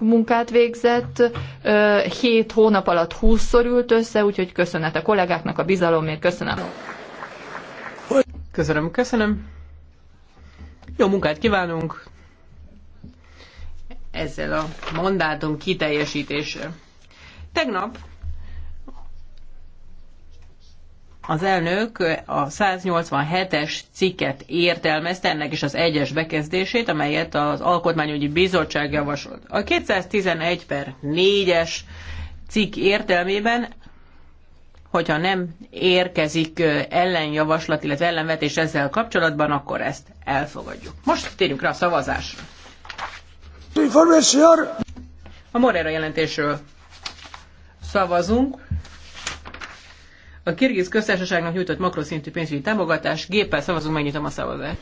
munkát végzett, hét hónap alatt 20 ült össze, úgyhogy köszönet a kollégáknak a bizalomért, köszönöm. Köszönöm, köszönöm. Jó munkát kívánunk ezzel a mandátum kiteljesítéssel. Tegnap az elnök a 187-es cikket értelmezte, ennek is az egyes bekezdését, amelyet az Alkotmányügyi Bizottság javasolt. A 211 per 4-es cikk értelmében hogyha nem érkezik ellenjavaslat, illetve ellenvetés ezzel kapcsolatban, akkor ezt elfogadjuk. Most térjünk rá a szavazásra. A Morera jelentésről szavazunk. A Kirgiz köztársaságnak nyújtott makroszintű pénzügyi támogatás géppel szavazunk, megnyitom a szavazást.